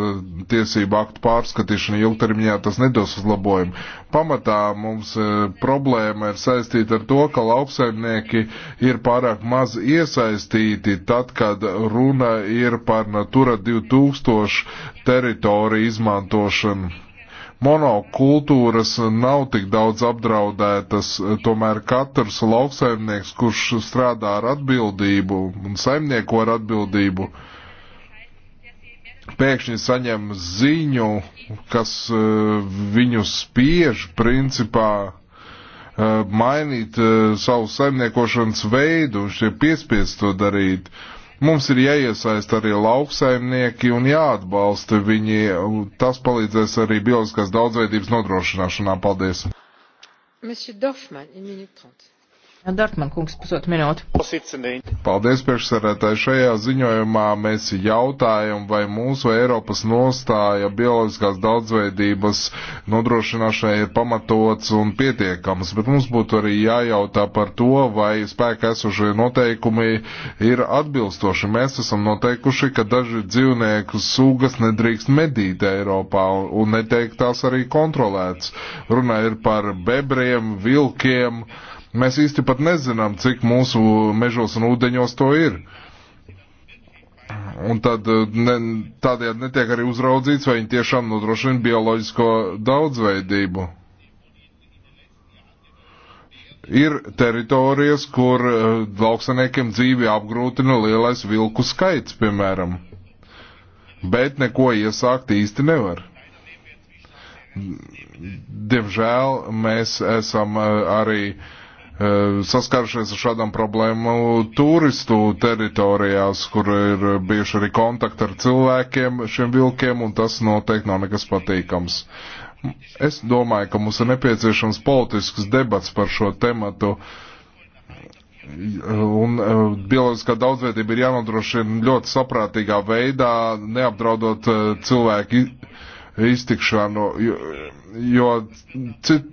tiesību aktu pārskatīšana ilgtermiņā, tas nedos uzlabojumu. Pamatā mums e, problēma ir saistīta ar to, ka lauksaimnieki ir pārāk maz iesaistīti tad, kad runa ir par Natura 2000 teritoriju izmantošanu monokultūras nav tik daudz apdraudētas, tomēr katrs lauksaimnieks, kurš strādā ar atbildību un saimnieko ar atbildību, pēkšņi saņem ziņu, kas eh, viņu spiež principā eh, mainīt eh, savu saimniekošanas veidu un šie piespiest to darīt. Uh, Mums ir jāiesaist arī lauksaimnieki un jāatbalsta viņi. Tas palīdzēs arī bioloģiskās daudzveidības nodrošināšanā. Paldies! Monsieur Dorfman, une minute trente. Dortman kungs, pusotru minūti. Paldies, priekšsarētāji. Šajā ziņojumā mēs jautājam, vai mūsu Eiropas nostāja bioloģiskās daudzveidības nodrošināšanai ir pamatots un pietiekams, bet mums būtu arī jājautā par to, vai spēkā esošie noteikumi ir atbilstoši. Mēs esam noteikuši, ka daži dzīvnieku sugas nedrīkst medīt Eiropā un netiek tās arī kontrolēts. Runa ir par bebriem, vilkiem, uh, Mēs īsti pat nezinām, cik mūsu mežos un ūdeņos to ir. Un tad eh, ne, tādējādi netiek arī uzraudzīts, vai viņi tiešām nodrošina bioloģisko daudzveidību ir teritorijas, kur eh, lauksaniekiem dzīvi apgrūtina lielais vilku skaits, piemēram. Bet neko iesākt īsti nevar. Diemžēl mēs esam eh, arī uh, E, saskaršies ar šādām problēmu turistu teritorijās, kur ir bijuši arī kontakti ar cilvēkiem, šiem vilkiem, un tas noteikti nav nekas patīkams. Es domāju, ka mums ir nepieciešams politisks debats par šo tematu. Un e, bioloģiskā daudzveidība ir jānodrošina ļoti saprātīgā veidā, neapdraudot e, cilvēku iztikšanu, jo, jo cit,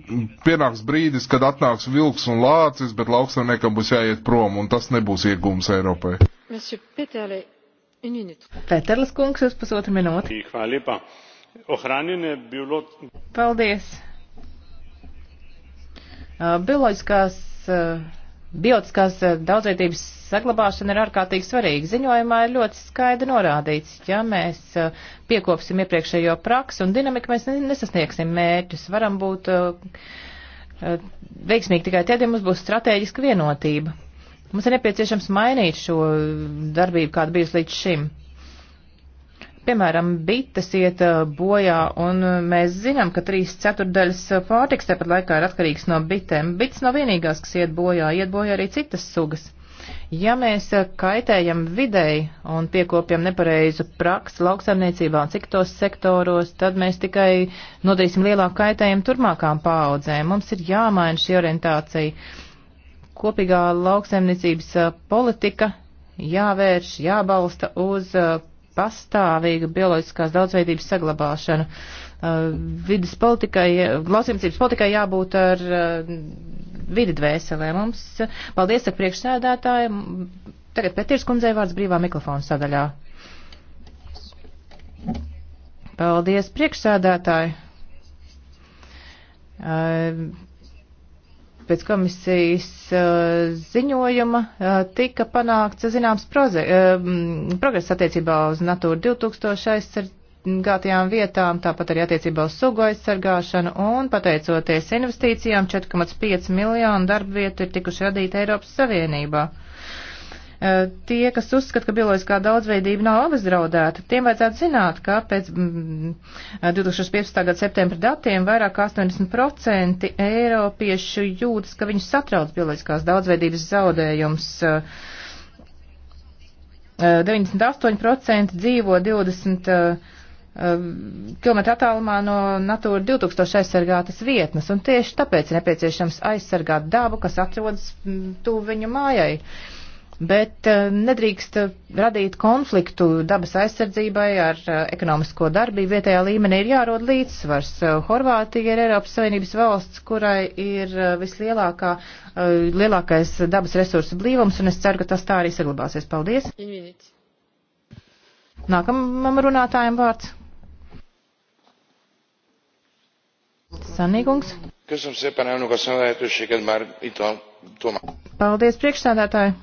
pienāks brīdis, kad atnāks vilks un lācis, bet lauksaimniekam būs jāiet prom, un tas nebūs iegums Eiropai. Pēterlis kungs, jūs pusotru minūti. Paldies. Bioloģiskās, biotiskās daudzveidības saglabāšana ir ārkārtīgi svarīga. Ziņojumā ir ļoti skaidri norādīts, ja mēs uh, piekopsim iepriekšējo praksu un dinamiku, mēs nesasniegsim mērķus. Varam būt uh, uh, veiksmīgi tikai tad, ja mums būs strateģiska vienotība. Mums ir nepieciešams mainīt šo darbību, kāda bijusi līdz šim piemēram, bites iet bojā, un mēs zinām, ka trīs ceturdaļas pārtiks tepat laikā ir atkarīgs no bitēm. Bits nav vienīgās, kas iet bojā, iet bojā arī citas sugas. Ja mēs eh, kaitējam videi un piekopjam nepareizu praksi lauksaimniecībā un citos sektoros, tad mēs tikai nodarīsim lielāku kaitējumu turmākām paaudzēm. Mums ir jāmaina šī orientācija. Kopīgā lauksaimniecības eh, politika jāvērš, jābalsta uz eh, pastāvīgu bioloģiskās daudzveidības saglabāšanu. Uh, Eh, vidas politikai, lauksimniecības politikai jābūt ar eh, vidi dvēselē. Mums, paldies, saka priekšsēdētājiem. Tagad Petirs kundzei vārds brīvā mikrofona sadaļā. Paldies, priekšsēdētāji. Eh, pēc komisijas ziņojuma tika panākts zināms progress attiecībā uz Natūra 2000 aizsardz aizsargātajām vietām, tāpat arī attiecībā uz sugu aizsargāšanu, un pateicoties investīcijām 4,5 miljonu darba vietu ir tikuši radīti Eiropas Savienībā. Eh, tie, kas uzskata, ka bioloģiskā daudzveidība nav apdraudēta, tiem vajadzētu zināt, ka pēc 2015. Mm, eh, gada septembra datiem vairāk kā 80% eiropiešu jūtas, ka viņus satrauc bioloģiskās daudzveidības zaudējums. 98% eh, dzīvo 20 Um, kilometru attālumā no Natūra 2000 aizsargātas vietnes, un tieši tāpēc nepieciešams aizsargāt dabu, kas atrodas mm, tuvu viņu mājai. Bet uh, nedrīkst radīt konfliktu dabas aizsardzībai ar uh, ekonomisko darbību. Vietējā līmenī ir jārod līdzsvars. Uh, Horvātija ir Eiropas Savienības valsts, kurai ir vislielākā, lielākais dabas resursu blīvums, un es ceru, ka tas tā arī saglabāsies. Paldies! Nākamam runātājam vārds. Sannīgungs. Paldies, priekšstādātāji.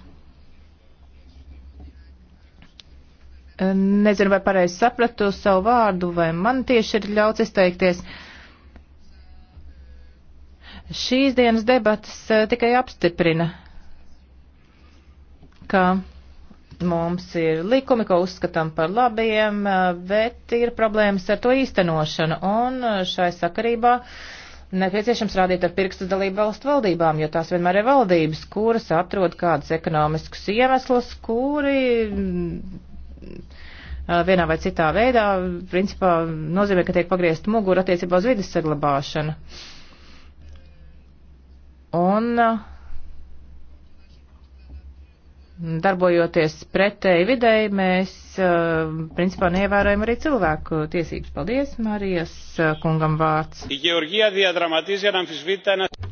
Nezinu, vai pareizi sapratu savu vārdu, vai man tieši ir ļauts izteikties. Šīs dienas debatas eh, tikai apstiprina, ka Mums ir likumi, ko uzskatām par labiem, eh, bet ir problēmas ar to īstenošanu. Un eh, šai sakarībā nepieciešams rādīt ar pirkstu dalību valstu valdībām, jo tās vienmēr ir valdības, kuras atrod kādus ekonomiskus iemeslus, kuri eh, vienā vai citā veidā, principā, nozīmē, ka tiek pagriezt muguru attiecībā uz vidas saglabāšanu. Un uh, darbojoties pretēji videi, mēs eh, principā neievērojam arī cilvēku tiesības. Paldies, Marijas eh, kungam vārds.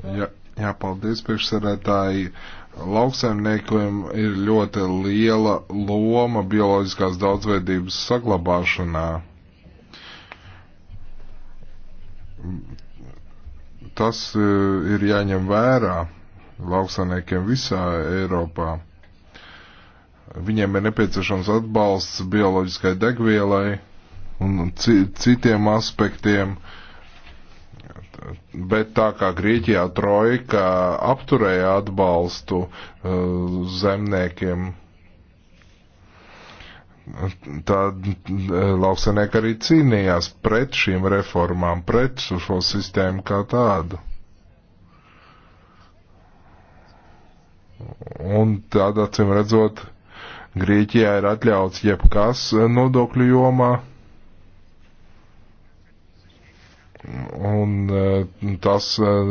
Jā, jā paldies, priekšsēdētāji. Lauksaimniekiem ir ļoti liela loma bioloģiskās daudzveidības saglabāšanā tas eh, ir jāņem vērā lauksaimniekiem visā Eiropā. Viņiem ir nepieciešams atbalsts bioloģiskai degvielai un citiem aspektiem. Bet tā kā Grieķijā trojka apturēja atbalstu uh, zemniekiem, tad uh, lauksanieki arī cīnījās pret šīm reformām, pret šo sistēmu kā tādu. Un tad, acīm redzot, Grieķijā ir atļauts jebkas nodokļu jomā. Un eh, tas eh,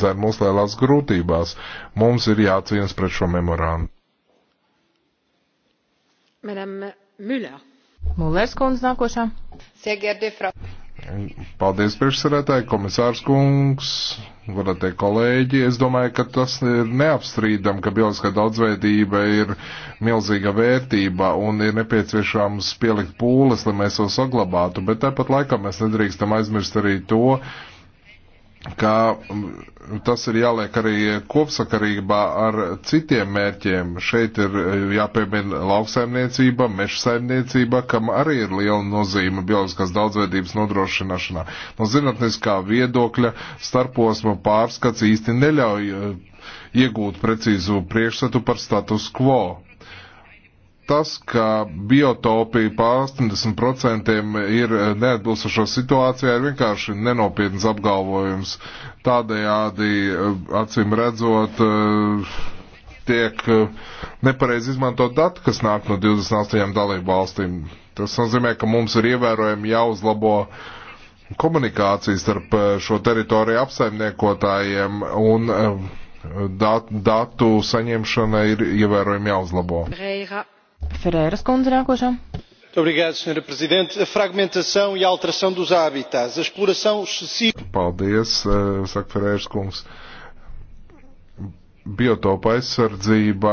dzer mūs lielās grūtībās. Mums ir jācīnas pret šo memorānu. Madame Müller. Mullers kundze nākošā. Sehr geehrte Frau. Paldies, priekšsarētāji, komisārs kungs, varatie kolēģi. Es domāju, ka tas ir neapstrīdam, ka bioloģiskā daudzveidība ir milzīga vērtība un ir nepieciešams pielikt pūles, lai mēs to saglabātu, bet tāpat laikā mēs nedrīkstam aizmirst arī to, uh, ka um, tas ir jāliek arī kopsakarībā ar citiem mērķiem. Šeit ir uh, jāpiemina lauksaimniecība, meža saimniecība, kam arī ir liela nozīme bioloģiskās daudzveidības nodrošināšanā. No zinātniskā viedokļa starposma pārskats īsti neļauj uh, iegūt precīzu priekšstatu par status quo tas, ka biotopija pār 80% ir neatbilstošo situācijā, ir vienkārši nenopietns apgalvojums. Tādējādi, eh, acīm redzot, eh, tiek eh, nepareizi izmantot dati, kas nāk no 28 dalību valstīm. Tas nozīmē, ka mums ir ievērojami jāuzlabo komunikācijas starp šo teritoriju apsaimniekotājiem un datu saņemšana ir ievērojami jāuzlabo. Breira. Ferēras kundze nākošā. Senhora Presidente, a fragmentação e a alteração dos hábitats, a exploração excessiva. Paldies, eh, saka Ferēras kungs. Biotopa aizsardzība,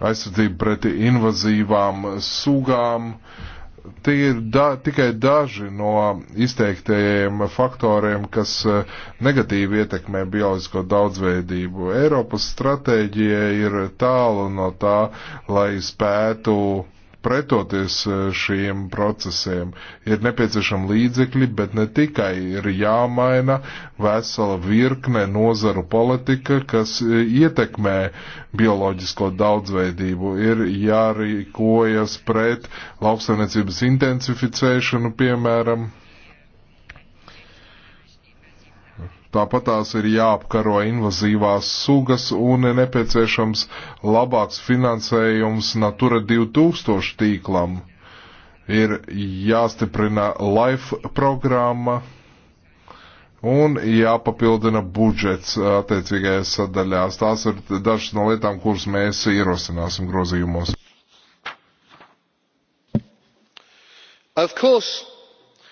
aizsardzība pret invazīvām sugām. Uh, Tie ir da, tikai daži no izteiktajiem faktoriem, kas eh, negatīvi ietekmē bioloģisko daudzveidību. Eiropas stratēģija ir tālu no tā, lai spētu pretoties e, šiem procesiem. Ir nepieciešami līdzekļi, bet ne tikai ir jāmaina vesela virkne nozaru politika, kas e, ietekmē bioloģisko daudzveidību. Ir jārīkojas pret lauksaimniecības intensificēšanu, piemēram, Tāpat tās ir jāapkaro invazīvās sugas un ir nepieciešams labāks finansējums Natura 2000 tīklam. Ir jāstiprina LIFE programma un jāpapildina budžets attiecīgajās sadaļās. Tās ir dažas no lietām, kuras mēs ierosināsim grozījumos. Of course,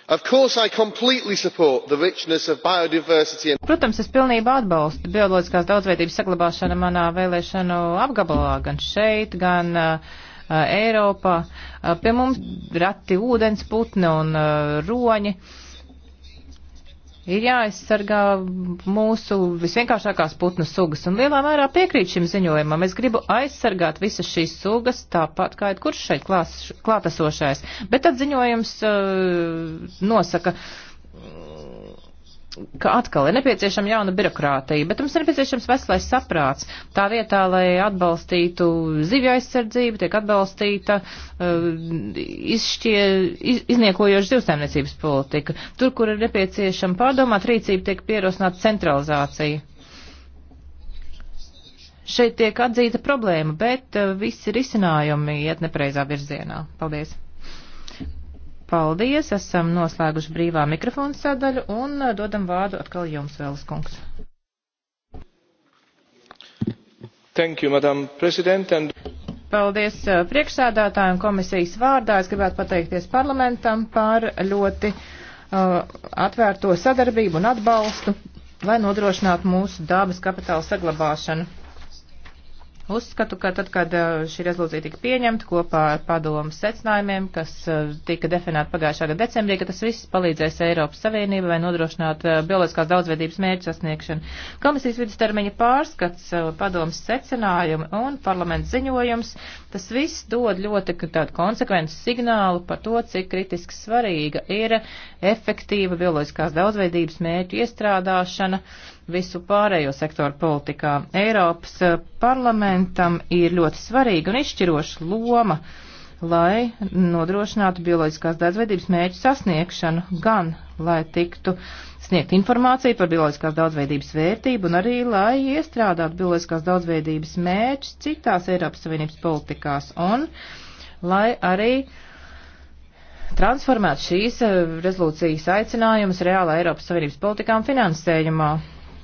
Protams, es pilnībā atbalstu bioloģiskās daudzveidības saglabāšanu manā vēlēšanu apgabalā, gan šeit, gan uh, Eiropā. Uh, pie mums rati ūdens putni un uh, roņi. Uh, ir jāaizsargā mūsu visvienkāršākās putnu sugas, un lielā mērā piekrīt šim ziņojumam. Es gribu aizsargāt visas šīs sugas, tāpat kā ir kurš šeit klās, klātesošais, bet tad ziņojums uh, nosaka ka atkal ir nepieciešama jauna birokrātija, bet mums ir nepieciešams veselais saprāts. Tā vietā, lai atbalstītu zivju aizsardzību, tiek atbalstīta uh, izšķie, iz, izniekojoša zivsēmniecības politika. Tur, kur ir nepieciešama pārdomāt rīcība, tiek pierosināta centralizācija. Šeit tiek atzīta problēma, bet uh, visi risinājumi iet nepreizā virzienā. Paldies! Paldies, esam noslēguši brīvā mikrofonu sadaļu un eh, dodam vārdu atkal jums, Vēlas kungs. Thank you, Madam President. And... Paldies eh, priekšsēdātājiem komisijas vārdā. Es gribētu pateikties parlamentam par ļoti uh, atvērto sadarbību un atbalstu, lai nodrošinātu mūsu dabas kapitāla saglabāšanu. Uzskatu, ka tad, kad uh, šī rezolūcija tika pieņemta kopā ar padomu secinājumiem, kas uh, tika definēta pagājušā gada decembrī, ka tas viss palīdzēs Eiropas Savienībai nodrošināt uh, bioloģiskās daudzveidības mērķu sasniegšanu. Komisijas vidustermiņa pārskats, padomas secinājumi un parlaments ziņojums, tas viss dod ļoti tādu konsekventu signālu par to, cik kritiski svarīga ir efektīva bioloģiskās daudzveidības mērķu iestrādāšana visu pārējo sektoru politikā. Eiropas eh, parlamentam ir ļoti svarīga un izšķiroša loma, lai nodrošinātu bioloģiskās daudzveidības mērķu sasniegšanu, gan lai tiktu sniegt informāciju par bioloģiskās daudzveidības vērtību un arī lai iestrādātu bioloģiskās daudzveidības mērķus citās Eiropas Savienības politikās un lai arī uh, transformēt šīs eh, rezolūcijas aicinājumus reālā Eiropas Savienības politikām finansējumā.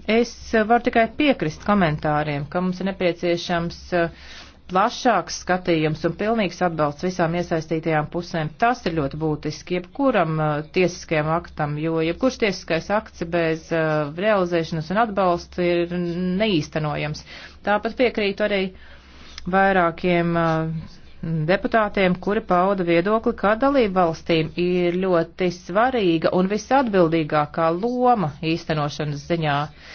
Es varu tikai piekrist komentāriem, ka mums ir nepieciešams uh, plašāks skatījums un pilnīgs atbalsts visām iesaistītajām pusēm. Tas ir ļoti būtiski jebkuram uh, tiesiskajam aktam, jo jebkurš tiesiskais akts bez uh, realizēšanas un atbalsta ir neīstenojams. Tāpat piekrītu arī vairākiem deputātiem, kuri pauda viedokli, ka dalību valstīm ir ļoti svarīga un visatbildīgākā loma īstenošanas ziņā. Uh,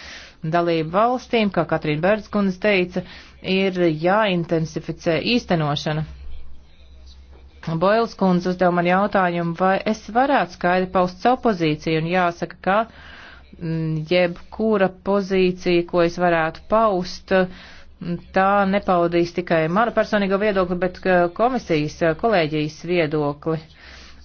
dalību valstīm, kā Katrīna Bērtskundze teica, ir jāintensificē īstenošana. Boils kundze uzdev man jautājumu, vai es varētu skaidri paust savu pozīciju, un jāsaka, ka mm, jebkura pozīcija, ko es varētu paust, mm, tā nepaudīs tikai manu personīgo viedokli, bet komisijas kolēģijas viedokli. Uh,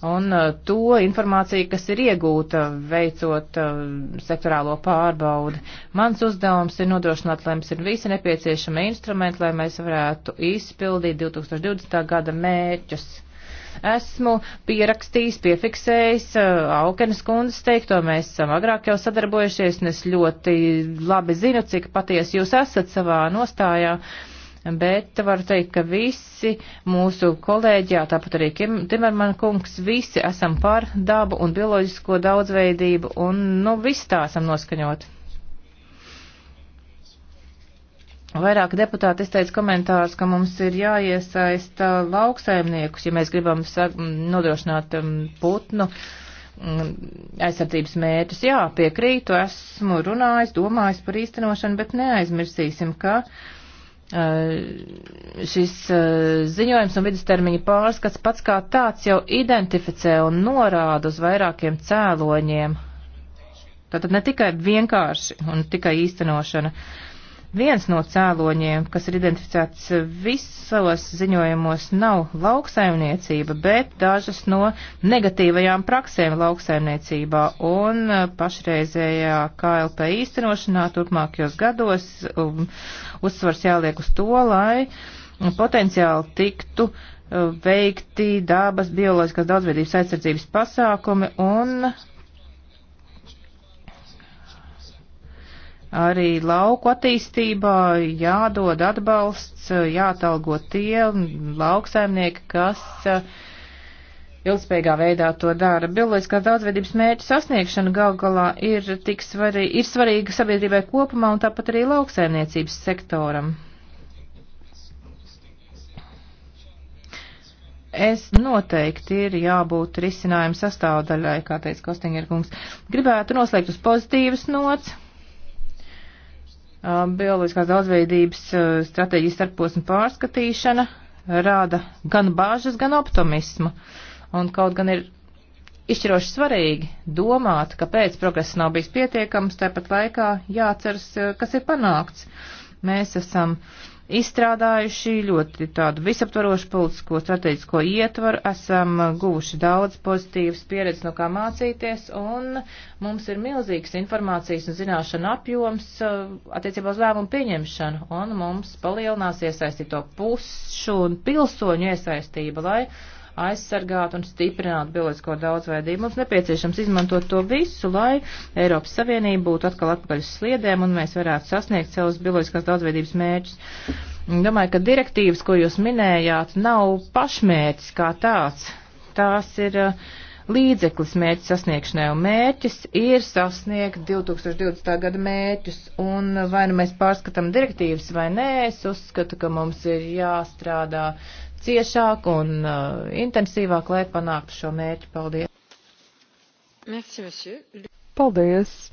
un uh, to informāciju, kas ir iegūta veicot uh, sektorālo pārbaudi. Mans uzdevums ir nodrošināt, lai mums ir visi nepieciešami instrumenti, lai mēs varētu izpildīt 2020. gada mērķus. Esmu pierakstījis, piefiksējis uh, Aukenes kundzes teikto, mēs esam agrāk jau sadarbojušies, un es ļoti labi zinu, cik patiesi jūs esat savā nostājā. Uh, bet varu teikt, ka visi mūsu kolēģijā, tāpat arī Timerman kungs, visi esam par dabu un bioloģisko daudzveidību un, nu, visi tā esam noskaņoti. Vairāk deputāti izteica komentārus, ka mums ir jāiesaista lauksaimniekus, ja mēs gribam nodrošināt um, putnu um, aizsardzības mērķus. Jā, piekrītu, esmu runājis, domājis par īstenošanu, bet neaizmirsīsim, ka uh, Uh, šis uh, ziņojums un vidustermiņa pārskats pats kā tāds jau identificē un norāda uz vairākiem cēloņiem. Tātad ne tikai vienkārši un tikai īstenošana. Uh, Viens no cēloņiem, kas ir identificēts visos ziņojumos, nav lauksaimniecība, bet dažas no negatīvajām praksēm lauksaimniecībā un pašreizējā KLP īstenošanā turpmākajos gados um, uzsvars jāliek uz to, lai potenciāli tiktu uh, veikti dabas bioloģiskās daudzveidības aizsardzības pasākumi un Arī lauku attīstībā jādod atbalsts, jātalgo tie lauksaimnieki, kas ilgspējīgā veidā to dara. Bioloģiskās daudzveidības mērķu sasniegšana gal galā ir, tik svarī, ir svarīga sabiedrībai kopumā un tāpat arī lauksaimniecības sektoram. Es noteikti ir jābūt risinājuma sastāvdaļai, kā teica Kostingera kungs. Gribētu noslēgt uz pozitīvas nots. Um, bioloģiskās daudzveidības uh, stratēģijas starposmu pārskatīšana rāda gan bāžas, gan optimismu. Un kaut gan ir izšķiroši svarīgi domāt, kāpēc progress nav bijis pietiekams, tāpat laikā jāceras, uh, kas ir panākts. Mēs esam uh, izstrādājuši ļoti tādu visaptvarošu politisko strateģisko ietvaru, esam guvuši daudz pozitīvas pieredzes, no kā mācīties, un mums ir milzīgs informācijas un zināšana apjoms uh, attiecībā uz lēmumu pieņemšanu, un mums palielinās iesaistīto pušu un pilsoņu iesaistība, lai aizsargāt un stiprināt bioloģisko daudzveidību. Mums nepieciešams izmantot to visu, lai Eiropas Savienība būtu atkal atpakaļ uz sliedēm un mēs varētu sasniegt savus bioloģiskās daudzveidības mērķus. Domāju, ka direktīvas, ko jūs minējāt, nav pašmērķis kā tāds. Tās ir uh, līdzeklis mērķu sasniegšanai, un mērķis ir sasniegt 2020. gada mērķus, un vai nu mēs pārskatām direktīvas vai nē, es uzskatu, ka mums ir jāstrādā ciešāk un uh, intensīvāk, lai panāktu šo mērķi. Paldies! Merci, monsieur. Paldies!